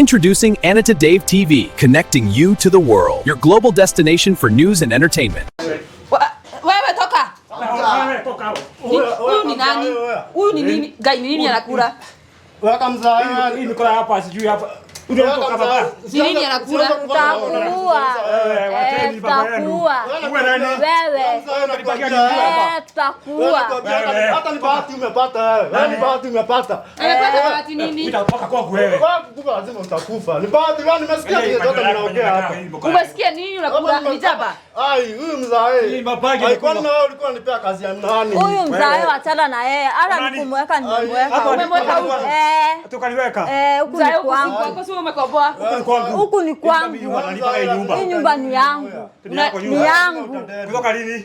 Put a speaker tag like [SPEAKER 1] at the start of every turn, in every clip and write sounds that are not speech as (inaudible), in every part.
[SPEAKER 1] Introducing Anna to Dave TV, connecting you to the world. Your global destination for news and entertainment.
[SPEAKER 2] Wewe toka. Huyu ni nani? Huyu ni nini? nini anakula?
[SPEAKER 3] Wewe kama mzaa, hapa sijui hapa. Unaondoka baba.
[SPEAKER 2] Nini anakula?
[SPEAKER 4] Takua. Eh, Watendi eh, baba yenu.
[SPEAKER 3] Wewe nani?
[SPEAKER 4] Wewe. Takua.
[SPEAKER 3] Eh, Hata ni bahati umepata wewe. Yaani wewe ni bahati umepata.
[SPEAKER 2] Umepata bahati nini?
[SPEAKER 3] Nitakutoka kwako wewe. Kwa lazima utakufa. Ni bahati wewe nimesikia hiyo zote mnaongea hapa.
[SPEAKER 2] Umesikia nini unakula mitaba?
[SPEAKER 3] Ai, huyu mzae. Ni mabagi. Ai, kwani wewe ulikuwa unanipea kazi ya nani?
[SPEAKER 4] Huyu mzae achana na yeye. Ala nikumweka nimweka.
[SPEAKER 2] Umemweka huko.
[SPEAKER 4] Eh.
[SPEAKER 3] Tukaniweka.
[SPEAKER 4] Eh, huko ni kwangu
[SPEAKER 2] umekomboa
[SPEAKER 3] eh,
[SPEAKER 4] huku ni kwangu, hii nyumba ni yangu, ni yangu
[SPEAKER 3] kutoka lini?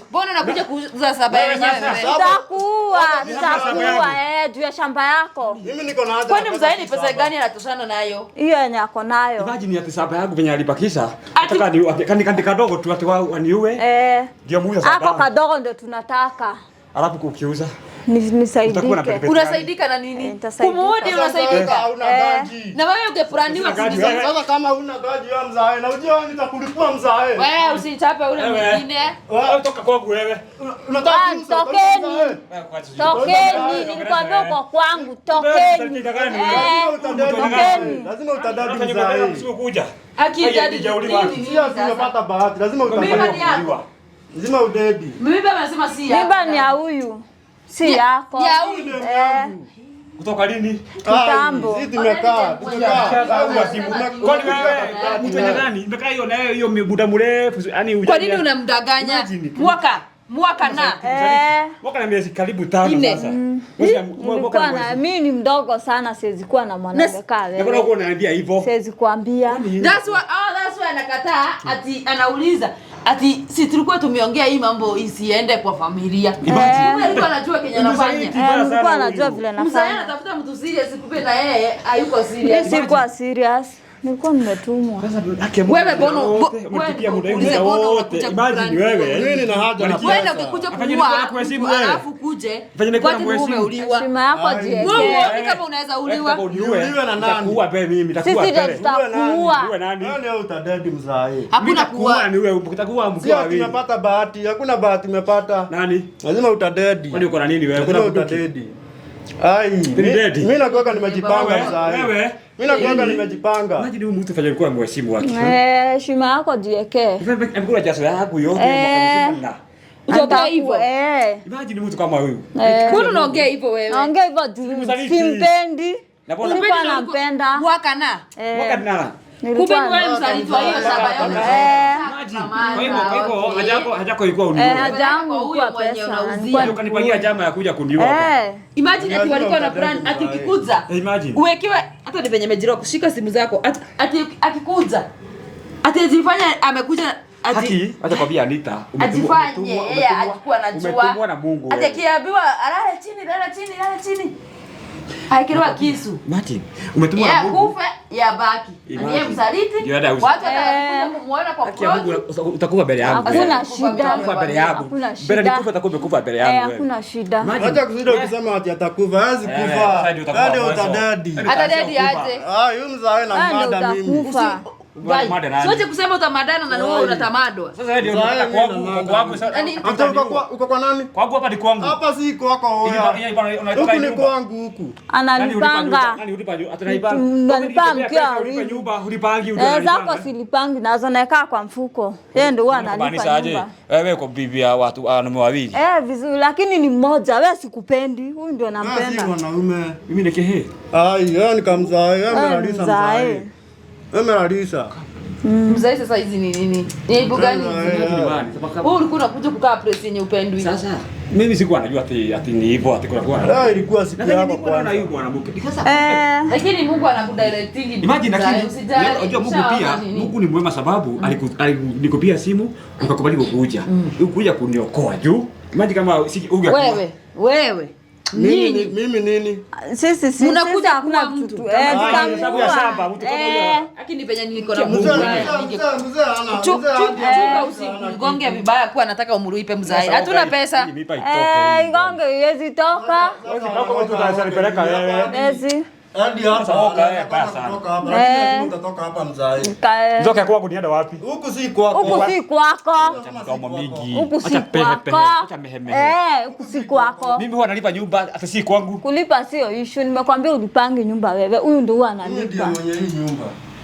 [SPEAKER 2] Mbona unakuja kuuza saba yenyewe?
[SPEAKER 4] Tutakuua, tutakuua eh juu ya shamba yako.
[SPEAKER 3] Mimi niko na haja.
[SPEAKER 2] Kwani mzee ni pesa gani anatoshana nayo?
[SPEAKER 4] Hiyo yenye ako nayo.
[SPEAKER 3] Imagine ya pesa yangu venye alibakisha. Ataka ni kadogo tu ati waniue. Eh. Ndio muuza saba. Hapo
[SPEAKER 4] kadogo ndio tunataka
[SPEAKER 3] alafu kukiuza
[SPEAKER 4] nisaidike.
[SPEAKER 2] Unasaidika na nini? Eh, Kumuudi unasaidika.
[SPEAKER 3] Hauna eh. gaji.
[SPEAKER 2] Na wewe ungeplaniwa
[SPEAKER 3] Sasa kama una gaji ya mzae na ujia wani unajua kulipua mzae.
[SPEAKER 2] Wewe usichape ule mwingine.
[SPEAKER 3] Wewe toka ah, kwa wewe. Unataka nini?
[SPEAKER 4] Tokeni. Tokeni, nilikwambia kwa kwangu tokeni. Tokeni.
[SPEAKER 3] Lazima utadadi mzae. Akija nini? Sio unapata bahati. Lazima utadadi. Nzima udedi.
[SPEAKER 2] Mimi baba anasema si
[SPEAKER 4] yako. Mimba ni ya huyu. Si yako. Yaani ya huyu. Eh.
[SPEAKER 3] Kutoka lini?
[SPEAKER 4] Kitambo.
[SPEAKER 3] Sisi tumekaa. Tumekaa. Kwa nini wewe? Mtu ni nani? Nimekaa hiyo na hiyo muda mrefu.
[SPEAKER 2] Yaani Kwa nini unamdanganya? Mwaka. Mwaka na.
[SPEAKER 4] Eh.
[SPEAKER 3] Mwaka na miezi karibu tano sasa. Mm.
[SPEAKER 4] Nilikuwa na mimi ni mdogo sana siwezi kuwa na mwanamke kale.
[SPEAKER 3] kama wewe. Ndio unaambia hivyo.
[SPEAKER 4] Siwezi kuambia.
[SPEAKER 2] That's why oh that's why anakataa ati anauliza. Ati si tulikuwa tumeongea hii mambo isiende kwa familia. Eh, alikuwa anajua kenye anafanya.
[SPEAKER 4] Eh, alikuwa anajua vile
[SPEAKER 2] anafanya. anatafuta mtu serious, kumbe yeye hayuko serious.
[SPEAKER 4] Sikuwa serious. Nilikuwa nimetumwa. Sasa
[SPEAKER 3] wewe bono umepitia
[SPEAKER 2] muda wangu wote.
[SPEAKER 3] Imagine wewe, nini na haja na
[SPEAKER 2] wewe ndio ukikuja kuua kuheshimu wewe. Alafu kuje. Fanya nikuwa kuheshimu. Heshima yako je? Wewe kama unaweza uliwa.
[SPEAKER 3] Uliwe na nani? Kuua pe mimi
[SPEAKER 4] nitakuua pele. Sisi tutakuua.
[SPEAKER 3] Uwe nani? Wewe utadedi mzae.
[SPEAKER 2] Hakuna kuua
[SPEAKER 3] ni wewe. Ukitakuua mkoa wewe. Sio tunapata bahati. Hakuna bahati umepata. Nani? Lazima utadedi. Kwani uko na nini wewe? Hakuna utadedi. Ai. Mimi nakuwa nimejipanga mzae. Wewe mimi nakwambia nimejipanga. Unajidi huyu mtu fanya alikuwa mheshimu wake.
[SPEAKER 4] Eh, heshima yako jiwekee.
[SPEAKER 3] Amekula jasho yako yote mkamzima. Eh.
[SPEAKER 2] Utakaa
[SPEAKER 4] eh.
[SPEAKER 3] eh.
[SPEAKER 2] unaongea hivyo wewe?
[SPEAKER 4] Simpendi. Ulikuwa unampenda. Mwaka na. Mwaka
[SPEAKER 3] na.
[SPEAKER 2] Kumbe ni wewe mzaliwa hiyo sababu.
[SPEAKER 3] Kwa hivyo haja yako haja yako ilikuwa uniue. Eh,
[SPEAKER 4] haja yangu ilikuwa pesa.
[SPEAKER 3] Yaani ukanipangia jama ya kuja kuniua
[SPEAKER 4] hapa. Eh.
[SPEAKER 2] Imagine ati walikuwa na plan ati ukikuza. Uwekewe hata ni venye mejira kushika simu zako ati akikuza. Ati zifanya amekuja
[SPEAKER 3] Haki, acha kwambia Anita,
[SPEAKER 2] ajifanye yeye alikuwa
[SPEAKER 3] anajua.
[SPEAKER 2] Ati kiambiwa alale chini, lala chini, lala chini. Haikiliwa kisu.
[SPEAKER 3] Martin, umetumwa na Mungu.
[SPEAKER 2] Kufa ya baki. Ndiye msaliti. Watu watakuja eh. kumuona kwa
[SPEAKER 3] kweli. Utakufa mbele yangu.
[SPEAKER 4] Hakuna shida. Utakufa
[SPEAKER 3] mbele yangu. Mbele nikufa utakufa kufa mbele eh, yangu.
[SPEAKER 4] Hakuna shida.
[SPEAKER 3] Hata kuzidi eh. ukisema ati atakufa, hazi kufa. Hadi utadadi.
[SPEAKER 2] Atadadi aje.
[SPEAKER 3] Ah, yule mzawe na yaani mada mimi.
[SPEAKER 2] Siwezi kusema utamadana na wewe unatamadwa.
[SPEAKER 3] Sasa wewe ndio unataka kwangu. Yaani, Hata uko kwa nani? Kwangu hapa ni kwangu. Hapa si kwako wewe. Huku ni kwangu huku.
[SPEAKER 4] Ananipanga. Ananipanga. Eh, zako silipangi nazo naeka kwa mfuko. Yeye ndio ananipa nyumba.
[SPEAKER 3] Eh, wewe uko bibi ya watu ah, wanaume wawili.
[SPEAKER 4] Eh, vizuri lakini ni mmoja. Wewe sikupendi. Huyu ndio ah, nampenda.
[SPEAKER 3] Mimi ni kehe. Ai, yeye nikamzae. Yeye eh, mnalisa mzae. Marisa.
[SPEAKER 2] Mzai mm. sasa hizi ni nini? Ni aibu gani?
[SPEAKER 3] Wewe
[SPEAKER 2] ulikuwa unakuja kukaa press yenye upendwi.
[SPEAKER 3] Sasa mimi sikuwa najua ati ati ni hivyo ati kuna kwa. Ah, ilikuwa siku
[SPEAKER 2] yako kwa.
[SPEAKER 4] Sasa eh. eh,
[SPEAKER 2] lakini Mungu anakudirecting.
[SPEAKER 3] Imagine lakini unajua Mungu pia, Mungu ni mwema sababu mm. alikunikopia simu ukakubali kukuja. Mm. Ukuja kuniokoa juu. Imagine kama wewe wewe nini? Mimi nini?
[SPEAKER 4] Sisi sisi
[SPEAKER 2] unakuja kuna mtu.
[SPEAKER 4] Eh, ah, sababu ya shamba
[SPEAKER 2] mtu kama yeye. Eh. Lakini penye niko na Mungu. Chuka usigonge vibaya kwa nataka umruipe mzai. Hatuna pesa.
[SPEAKER 4] Eh, ngonge iwezi toka.
[SPEAKER 3] Wewe kama mtu utasharipeleka wewe. Basi. Hadi hapa eh, kunienda eh. eh. wapi? Huku si kwako.
[SPEAKER 4] Huku si kwako. Huku si kwako.
[SPEAKER 3] Mimi huwa nalipa nyumba hata si kwangu.
[SPEAKER 4] Kulipa sio issue. Nimekwambia ulipange nyumba wewe. Huyu ndio huwa analipa.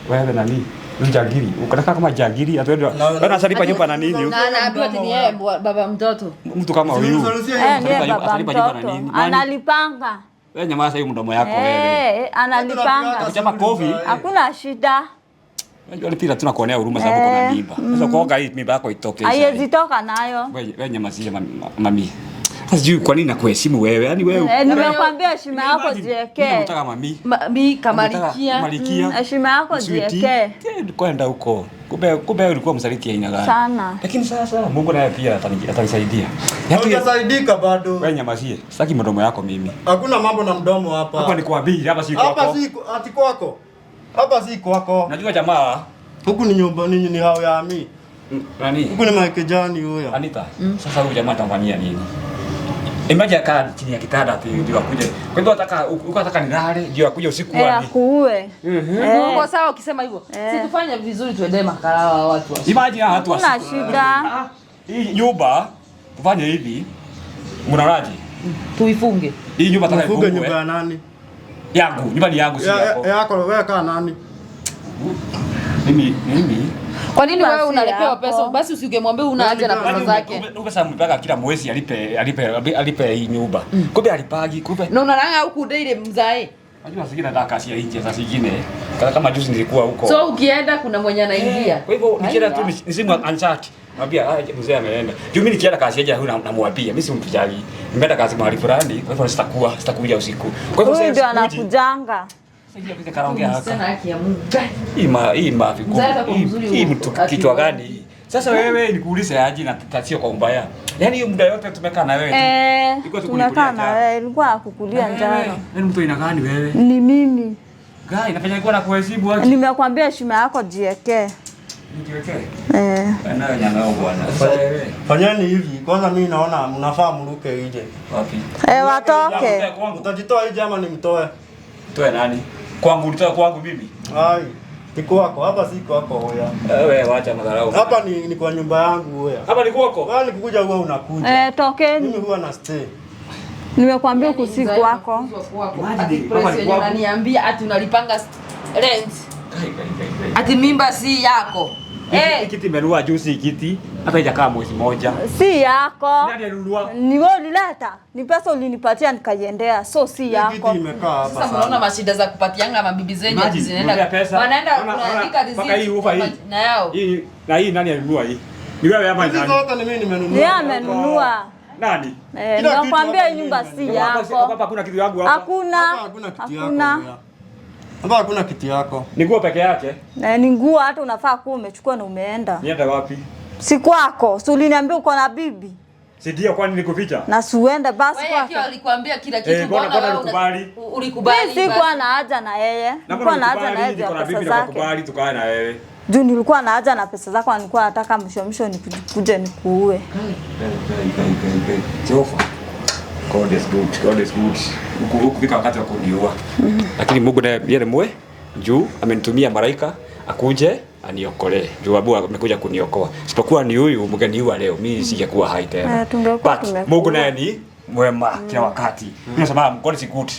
[SPEAKER 3] Wewe nani? Jagiri. Ukataka kama jagiri atwenda. nyumba na nini?
[SPEAKER 2] baba mtoto.
[SPEAKER 3] Mtu kama huyu.
[SPEAKER 4] Analipanga.
[SPEAKER 3] Wewe nyamaza hiyo mdomo yako wewe. Eh, eh
[SPEAKER 4] Analipanga.
[SPEAKER 3] Anasema kofi.
[SPEAKER 4] Hakuna shida.
[SPEAKER 3] Unajua pia tunakuonea huruma sababu eh. kuna mimba. Sasa kuoga hii mimba yako itoke.
[SPEAKER 4] Haiwezi toka nayo.
[SPEAKER 3] Wewe nyamazia mami. Sijui kwa nini nakuheshimu wewe. Yaani wewe.
[SPEAKER 4] Eh, Nimekwambia yaani heshima yako jiwekee.
[SPEAKER 3] Unataka mami?
[SPEAKER 2] Mami kamalikia.
[SPEAKER 3] Malikia. Mm,
[SPEAKER 4] heshima yako jiwekee.
[SPEAKER 3] Kwenda huko. Kumbe kumbe wewe ulikuwa msaliti aina gani? Sana. Lakini sasa Mungu naye pia atanisaidia. Yaani utasaidika bado. Wewe nyamazie. Sitaki mdomo yako mimi. Hakuna mambo na mdomo hapa. Hapa ni kwa bii, hapa si kwako. Hapa si ati kwako. Hapa si kwako. Najua jamaa. Huku ni nyumba ninyi ni hao ya mimi. Nani? Huku ni Mike Jani huyo. Anita. Sasa huyu jamaa atafanyia nini? Imagine kaa chini ya kitanda ati ndio akuje. Kwa hivyo nataka uko nataka nilale ndio akuje usiku
[SPEAKER 4] wani. Eh, kuue.
[SPEAKER 2] Mhm. Eh. Uko sawa ukisema hivyo. Eh. Si tufanye vizuri tuende makalawa watu wa.
[SPEAKER 3] Imagine watu wa.
[SPEAKER 4] Kuna shida. Ah,
[SPEAKER 3] hii nyumba tufanye hivi. Mnaraji. Tuifunge. Hii nyumba tunaifunge. ifunge. nyumba ya nani? Yangu. Nyumba ni yangu si yako. Yako wewe kaa nani? Mimi mimi.
[SPEAKER 2] Kwa nini wewe unalipewa pesa? Basi usingemwambia una haja
[SPEAKER 3] yaani na pesa zake. sasa mpaka kila mwezi alipe alipe alipe hii nyumba. Mm. Kumbe alipagi, kumbe.
[SPEAKER 2] Na unalanga huku dai mzae.
[SPEAKER 3] Unajua zingine nataka kasi ya nje sasa zingine. Kana kama juzi nilikuwa huko.
[SPEAKER 2] So ukienda kuna mwenye anaingia. Eh,
[SPEAKER 3] kwa hivyo nikienda tu nisimwa anchati. Mwambia ah mzee ameenda. Juu mimi nikienda kazi yeye huyu namwambia mimi simpijali. Nimeenda kazi mahali fulani, kwa hivyo sitakuwa sitakuja usiku.
[SPEAKER 4] Kwa hivyo sasa ndio anakujanga.
[SPEAKER 3] Kichwa gani? Sasa wewe nikuulize aje na tutatio kwa umbaya. Yaani muda yote tumekaa na wewe.
[SPEAKER 4] Eh. Tunakaa na wewe, ilikuwa kukulia njano.
[SPEAKER 3] Yaani mtu inakaa ni wewe.
[SPEAKER 4] Ni mimi.
[SPEAKER 3] Gai, nafanya nikuwa na kuhesabu
[SPEAKER 4] aje? Nimekwambia heshima yako jiwekee. Eh. eh
[SPEAKER 3] fanyeni hivi kwanza, mimi naona mnafaa mruke nje. Wapi?
[SPEAKER 4] Eh, watoke.
[SPEAKER 3] Mtajitoa nje ama nimtoe? Toe nani? Kwangu ulitaka kwangu mimi? Ai. Ni kwako hapa si kwako hoya. Wewe acha madharau. Hapa ni ni kwa nyumba yangu wewe. Hapa ni kwako? Wewe nikikuja wewe unakuja.
[SPEAKER 4] Eh, tokeni.
[SPEAKER 3] Mimi huwa na stay.
[SPEAKER 4] Nimekuambia huku si kwako.
[SPEAKER 3] Mama ni
[SPEAKER 2] kwako. Ananiambia ati unalipanga rent. Ati mimba si yako. Eh,
[SPEAKER 3] kiti menua juzi kiti hata ijakaa mwezi moja.
[SPEAKER 4] Si yako.
[SPEAKER 3] Nani alinunua?
[SPEAKER 4] Ni wewe ulileta. Ni pesa ulinipatia nikaiendea. So si yako.
[SPEAKER 3] Kiti imekaa hapa. Sasa mnaona
[SPEAKER 2] mashida za kupatianga mabibi zenyu
[SPEAKER 3] ati zinaenda.
[SPEAKER 2] Wanaenda kuandika riziki. Paka hii ufa hii. Na yao.
[SPEAKER 3] Hii na hii nani alinunua hii? Ni wewe ama nani? Zote ni mimi nimenunua. Yeye amenunua. Nani?
[SPEAKER 4] Eh, nakwambia nyumba si yako.
[SPEAKER 3] Hapa hakuna kitu yangu hapa.
[SPEAKER 4] Hakuna. Hakuna.
[SPEAKER 3] Mbona hakuna kiti yako? Ni nguo peke yake?
[SPEAKER 4] Eh, ni nguo hata unafaa kuwa umechukua na umeenda. Nienda wapi? Si kwako. Si uliniambia uko na bibi?
[SPEAKER 3] Si ndio kwani nilikuficha?
[SPEAKER 4] Na siuende basi kwa. Wewe hiyo
[SPEAKER 2] alikwambia kila eh, kitu eh,
[SPEAKER 3] mbona wewe ulikubali?
[SPEAKER 2] Ulikubali.
[SPEAKER 4] Mimi sikuwa na haja na yeye. Nilikuwa na haja na
[SPEAKER 3] yeye. Kuna bibi na kukubali tukae na wewe.
[SPEAKER 4] Juu nilikuwa na haja na pesa zako, nilikuwa nataka msho msho nikuje nikuue.
[SPEAKER 3] God is good. God is good ukufika wakati wa kuniua Lakini Mungu naye yeye mwe juu amenitumia malaika akuje aniokole juu abu amekuja kuniokoa. Sipokuwa ni huyu mgeniua leo mimi singekuwa hai tena. Eh, But Mungu naye ni mwema kila wakati mm. Nasema God is good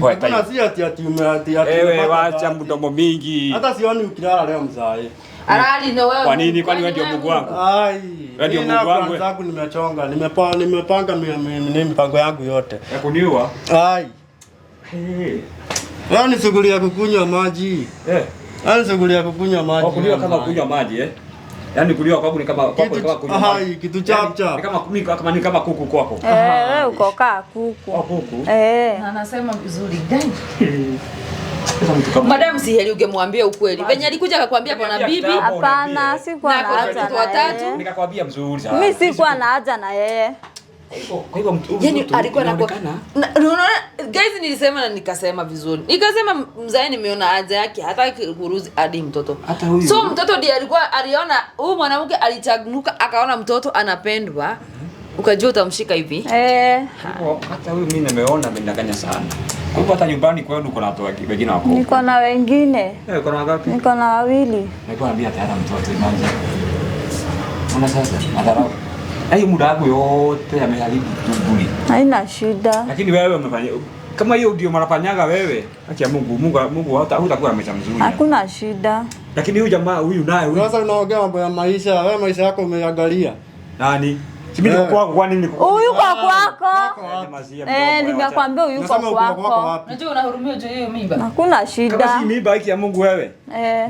[SPEAKER 3] Kwa hiyo si ati ati umeati ati, ewe wacha mdomo mingi, hata sioni ukilala leo mzae
[SPEAKER 2] Arali ndio wewe.
[SPEAKER 3] Kwa nini? Kwani wewe ndio Mungu wangu? Ai. Wewe ndio Mungu wangu. Zangu nimechonga. Nimepanga nimepanga mimi mipango yangu yote. Ya kuniua? Ai. Wewe ni shughuli ya kukunywa maji. Eh. Leo ni shughuli ya kukunywa oh, maji. Kwa kunywa kama kunywa maji eh. Yaani kuliwa kwangu ni kama kwako kama kunywa maji. Ai, kitu chap yaani chap. Ni kama mimi kama ni kama kuku kwako.
[SPEAKER 4] Eh, wewe uko kaa kuku.
[SPEAKER 3] Kwa oh, Kuku.
[SPEAKER 4] Eh. Na
[SPEAKER 2] anasema vizuri gani? (laughs) Madam si heri ungemwambia ukweli. Venye alikuja akakwambia kuna bibi.
[SPEAKER 4] Hapana, kwa na haja na
[SPEAKER 3] yeye. Nikakwambia mzuri
[SPEAKER 4] sana. Mimi kwa yaani na haja na yeye.
[SPEAKER 2] Kwa alikuwa anaonekana. guys, nilisema na nikasema vizuri. Nikasema mzae nimeona haja yake hata kuruzi hadi mtoto. Hata huyu. So mtoto ndiye alikuwa aliona huyu mwanamke alichaguka akaona mtoto anapendwa. Mhm. Ukajua utamshika hivi.
[SPEAKER 4] Eh.
[SPEAKER 3] Hata huyu mimi nimeona amedanganya sana. Kwa hivyo hata nyumbani kwenu kuna watu wengine wako.
[SPEAKER 4] Niko na wengine.
[SPEAKER 3] Eh, kuna wangapi?
[SPEAKER 4] Niko na wawili.
[SPEAKER 3] Niko na biata tayari mtoto imanje. Una sasa madharau. Hayo muda wako yote yameharibu tubuli.
[SPEAKER 4] Haina shida.
[SPEAKER 3] Lakini wewe umefanya kama hiyo ndio marafanyaga wewe. Acha Mungu, Mungu Mungu hata hutakuwa amesha mzuri.
[SPEAKER 4] Hakuna shida.
[SPEAKER 3] Lakini huyu jamaa huyu naye huyu. Sasa unaongea mambo ya maisha, wewe maisha yako umeangalia. Nani? Huyu kwa
[SPEAKER 4] kwako. Eh, nimekwambia huyu kwa kwako.
[SPEAKER 2] Unajua unahurumia hiyo mimba.
[SPEAKER 4] Hakuna shida.
[SPEAKER 3] Kama si mimba hiki ya Mungu wewe. Eh.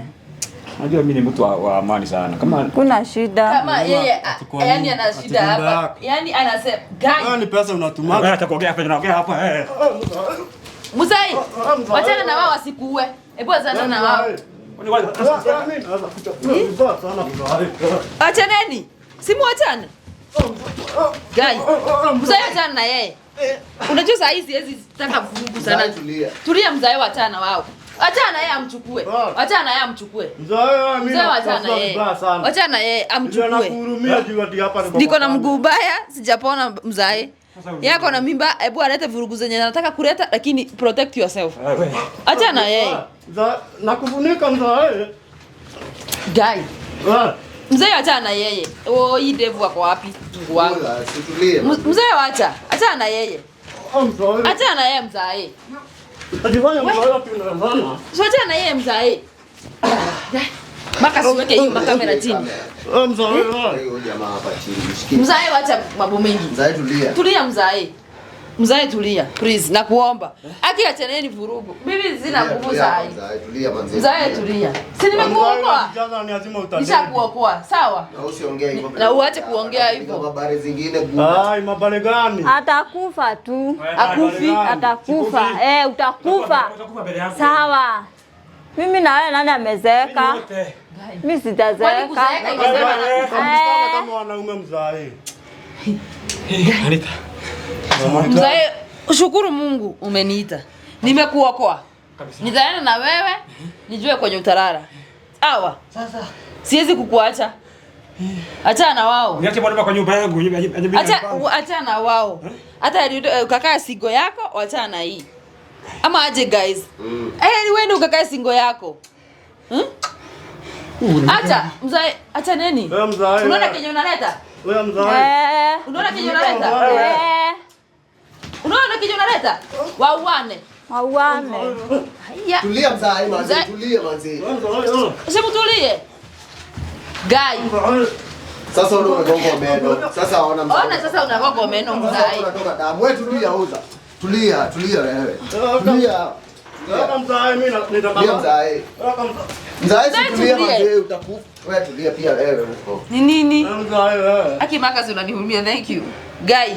[SPEAKER 3] Unajua mimi ni mtu wa amani sana. Kama
[SPEAKER 4] kuna shida.
[SPEAKER 2] Kama yeye yani ana shida hapa. Yani anasema gani? Wewe
[SPEAKER 3] ni pesa unatumaka. Wewe atakuongea hapa unaongea hapa. Eh.
[SPEAKER 2] Musai. Wachana na wao wasikuue. Hebu wachana na wao. Wachaneni. Simuachane. Guys, mzae na yeye. Unajua saa hizi hizi
[SPEAKER 3] vurugu sana. Tulia.
[SPEAKER 2] Tulia mzae wachana wao. Achana yeye amchukue. Achana yeye amchukue.
[SPEAKER 3] Mzae mimi. Mzae
[SPEAKER 2] yeye. yeye amchukue.
[SPEAKER 3] Niko na mguu baya, sijapona mzae.
[SPEAKER 2] Yako na mimba, hebu alete vurugu zenye anataka kuleta lakini protect yourself. Achana yeye.
[SPEAKER 3] Nakufunika mzae.
[SPEAKER 2] Ah. Mzee acha na yeye. Oh, hii devu wako wapi? Mungu wangu. Mzee wacha. acha na yeye. Oh, acha na yeye mzae. Sio na yeye mzae. maka siweke hiyo makamera chini. Oh, hmm? Mzae wacha mambo mengi.
[SPEAKER 3] Mzae tulia.
[SPEAKER 2] Tulia mzae. Mzae tulia, please nakuomba. Haki achaneni vurugu. Mimi sina nguvu za hai. Mzae tulia. Si nimekuokoa. Nishakuokoa, sawa?
[SPEAKER 3] Na usiongee hivyo.
[SPEAKER 2] Na uache kuongea hivyo. Habari
[SPEAKER 3] zingine Ai, mabale gani?
[SPEAKER 4] Atakufa tu.
[SPEAKER 2] Eh, Akufi,
[SPEAKER 4] atakufa. Eh, utakufa. Sawa. Mimi na wewe nani amezeeka? Mimi sitazeeka.
[SPEAKER 3] Kama wanaume mzae. Anita.
[SPEAKER 2] Mzee, shukuru Mungu umeniita. Nimekuokoa. Nitaenda na wewe mhm. nijue kwenye utarara. Awa. Sasa siwezi kukuacha. Eh. Acha na wao.
[SPEAKER 3] Niache bwana hapa kwa nyumba yangu.
[SPEAKER 2] Acha acha na wao. Eh? Hata eh, ukakaa singo yako, acha na hii. Ama aje guys. Mm. Eh, wewe ndio ukakaa singo yako. Hmm? Acha mzae, acha nini? Unaona kenye unaleta?
[SPEAKER 3] Wewe mzae.
[SPEAKER 2] Unaona kenye unaleta? Unaona kijana unaleta? Wauane.
[SPEAKER 4] Wauane.
[SPEAKER 3] Tulia mzai manzi, tulia manzi.
[SPEAKER 2] Sasa tulie. Gai.
[SPEAKER 3] Sasa unaona unagonga meno. Sasa unaona
[SPEAKER 2] mzai. Ona sasa unagonga meno mzai. Unatoka
[SPEAKER 3] damu. Wewe tulia uza. Tulia, tulia wewe. Tulia.
[SPEAKER 2] Ni nini? Aki makazi unanihurumia. Thank you. Guy.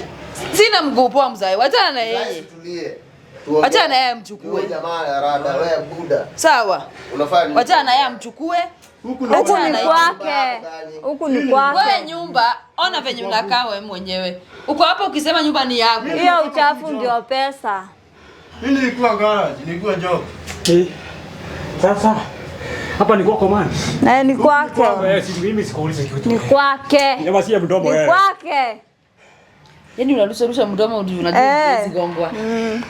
[SPEAKER 2] Sina mguu poa, mzae, wachana na yeye. Wachana na yeye amchukue. Sawa. Wachana na yeye amchukue.
[SPEAKER 4] Huku ni kwake. Huku ni kwake.
[SPEAKER 2] Wewe nyumba, ona venye unakaa wewe mwenyewe. Uko hapo ukisema nyumba ni yako.
[SPEAKER 4] Hiyo uchafu ndio pesa.
[SPEAKER 3] Mimi nilikuwa garage, nilikuwa job. Eh. Sasa hapa ni kwako man.
[SPEAKER 4] Na eh, ni kwake. Ni kwake.
[SPEAKER 3] Ni
[SPEAKER 4] kwake.
[SPEAKER 2] Yaani unarusha rusha mdomo unajua hey. Eh. Gongwa. Mm.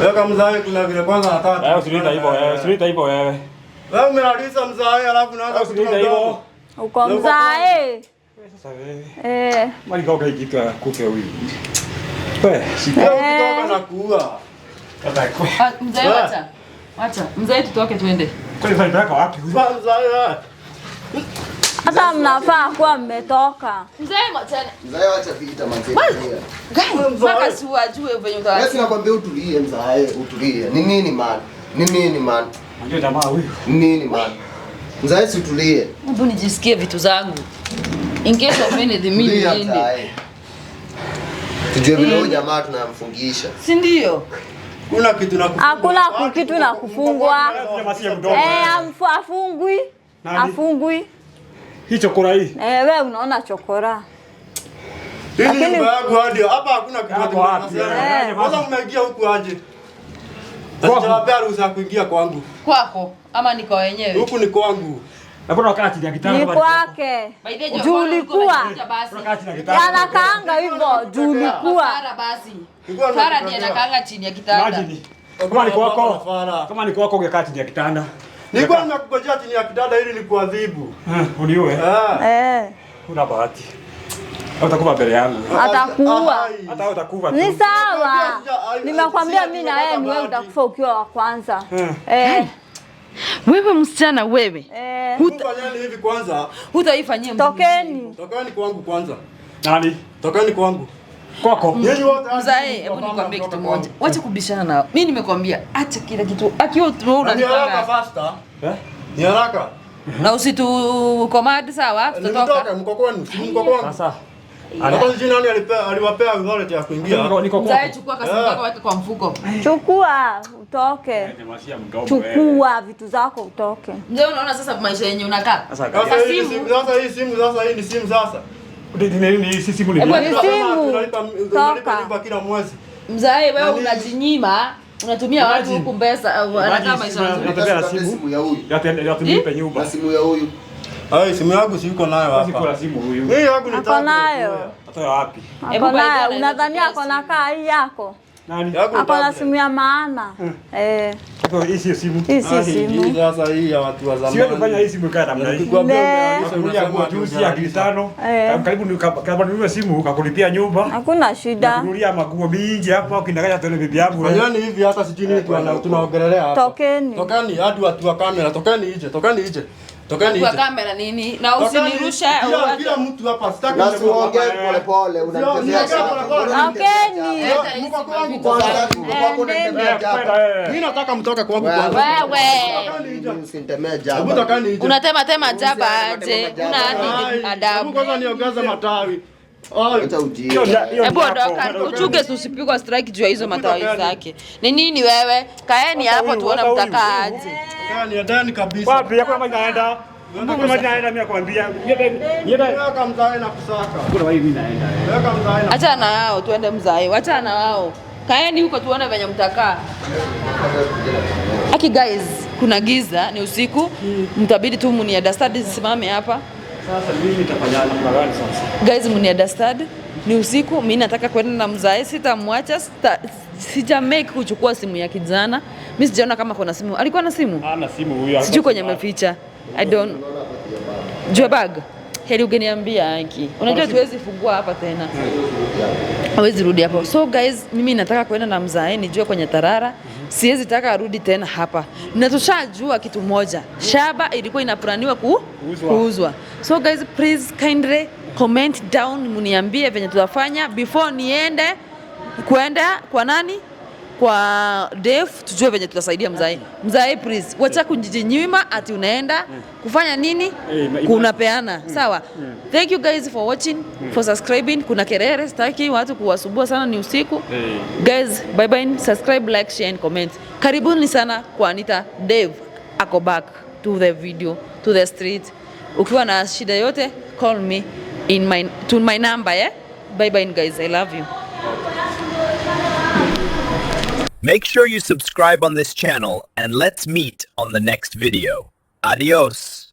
[SPEAKER 3] Wewe kama mzae kuna vile kwanza na nataka. Eh, eh, wewe usilita hivyo wewe, usilita hivyo wewe. Wewe umenaliza mzae alafu naanza kutoa hivyo.
[SPEAKER 4] Uko mzae. Sasa wewe. Eh.
[SPEAKER 3] Mali kauka ikitwa kuke hivi. Wewe, sikao kutoka na kuua. Kata kwa.
[SPEAKER 2] Ah, mzae wacha. Wacha, mzae tutoke twende.
[SPEAKER 3] Kwa nini kwa wapi? Mzae.
[SPEAKER 4] Hata mnafaa kuwa mmetoka.
[SPEAKER 2] Mzee mtana.
[SPEAKER 3] Mzee acha vita mzee.
[SPEAKER 2] Gani? Mpaka si wajue venye utawaza.
[SPEAKER 3] Yes, nakwambia utulie mzee, utulie. Ni nini man? Ni nini man? Unajua jamaa huyu. Ni nini man? Mzee si utulie.
[SPEAKER 2] Hebu nijisikie vitu zangu. In case of anything
[SPEAKER 3] mimi niende. Tujue vile huyu jamaa tunamfungisha. Si ndio? Kuna kitu na
[SPEAKER 4] kufungwa. Hakuna kitu na kufungwa. Eh, afungwi. Afungwi.
[SPEAKER 3] Hii chokora hii.
[SPEAKER 4] Eh, wewe unaona chokora.
[SPEAKER 3] Lakini babu hadi hapa hakuna kitu. Eh. Yaani Kwanza umeingia huku aje? Sijawapea yaani ruhusa kuingia kwangu.
[SPEAKER 2] Kwako ama kwa wenyewe? Huku ni kwangu. Ni kwake. Julikuwa. ulikuwa. Anakaanga hivyo juu ulikuwa. Fara ndiye anakaanga chini ya kitanda. Kama ni kwako, kama ni kwako ungekaa chini ya kitanda. Nilikuwa nimekungojea chini ya kitanda ili nikuadhibu. Eh, uniue. Eh. eh. Una bahati. Utakufa mbele yangu. Atakuua. Hata utakufa. Ni sawa. Nimekwambia mimi na yeye ni wewe utakufa ukiwa wa kwanza. Eh. eh. Wewe msichana wewe. Eh. Hutafanyani hivi kwanza. Hutaifanyia mimi. Tokeni. Tokeni kwangu kwanza. Nani? Tokeni kwangu. Kwako. Mm. Yaani ah, Mzae, hebu nikwambie kitu moja. Wacha kubishana nao. Mimi nimekwambia acha kila kitu. Akiwa wewe Ni yaani haraka faster. Eh? Ni haraka. Na usitu komadi sawa? Eh, Tutatoka. Mkokoni, mkokoni. Sasa. Aliwapea authority ya kuingia. Mzae, chukua kasimu eh. kwa utoke. Chukua vitu zako utoke. Ndio unaona sasa maisha yenye unakaa. Sasa hii simu sasa hii ni simu sasa kila mwezi. Mzae wewe unajinyima, unatumia watu huku pesa, uh, wanakaa maisha mazuri. Ai, hmm? simu yangu si nayo hapa. Siko na simu huyu. Hii yangu ni Ako nayo. Hata wapi? Unadhania ako na kaa hii yako? Hapo anasimia maana. Eh. eh. hii si simu. Hii si simu. Hii sasa hii ya watu wa zamani. Sio kufanya hii simu kaa namna hii. juzi ya kitano. Eh. Karibu ni kama ni simu ukakulipia nyumba. Hakuna shida. Kununulia maguo mingi hapa ukindanganya tena bibi yangu. Yaani hivi hata sijui nini tunaongelea hapa. Tokeni. Tokeni hadi watu wa kamera, tokeni nje, tokeni nje. Kwa kamera nini? Na usinirushe. Kila mtu hapa sitaki na pole pole, unanitezea sana. Okay. Mimi nataka mtoke kwangu kwanza. Wewe. Usinitemee jaba. Unatema tema jaba aje? Una adabu. Kwanza niongaze matawi. Hebu ondoka uchuge, usipigwa strike juu ya hizo matawi zake. Ni nini wewe? Kaeni hapo tuone mtakaa aje. Acha na wao tuende mzae, acha na wao kaeni huko tuone venye mtakaa. Aki guys, kuna giza, ni usiku, hmm. mtabidi tu muni understand hapa sasa mimi nitafanya namna gani sasa? Guys, Ni usiku, mimi nataka kwenda na mzae, sitamwacha, sija make kuchukua simu ya kijana. Mimi sijaona kama kuna simu. Alikuwa na simu? Hana simu huyo. Sijui kwenye maficha. I don't. Jua bag. Heri ungeniambia haki. Unajua tuwezi fungua hapa tena. Hmm. Hawezi rudi hapo. So guys, mimi nataka kwenda na mzae, nijue kwenye tarara siwezi taka arudi tena hapa. Na tushajua kitu moja, shaba ilikuwa inapuraniwa kuuzwa. So guys please kindly comment down, muniambie venye tutafanya before niende kuenda kwa nani kwa def tujue venye tutasaidia mzae mzae, please wacha kujinyima ati unaenda kufanya nini, eh, kunapeana mm. sawa. Thank you guys for watching, mm. for subscribing. Kuna kerere, sitaki watu kuwasubua sana, ni usiku eh. guys. Bye bye, subscribe, like, share and comment. Karibuni sana kwa Anita Dev, ako back to the video to the street. Ukiwa na shida yote, call me in my to my number yeah. Bye bye guys, I love you. Make sure you subscribe on this channel and let's meet on the next video. Adios.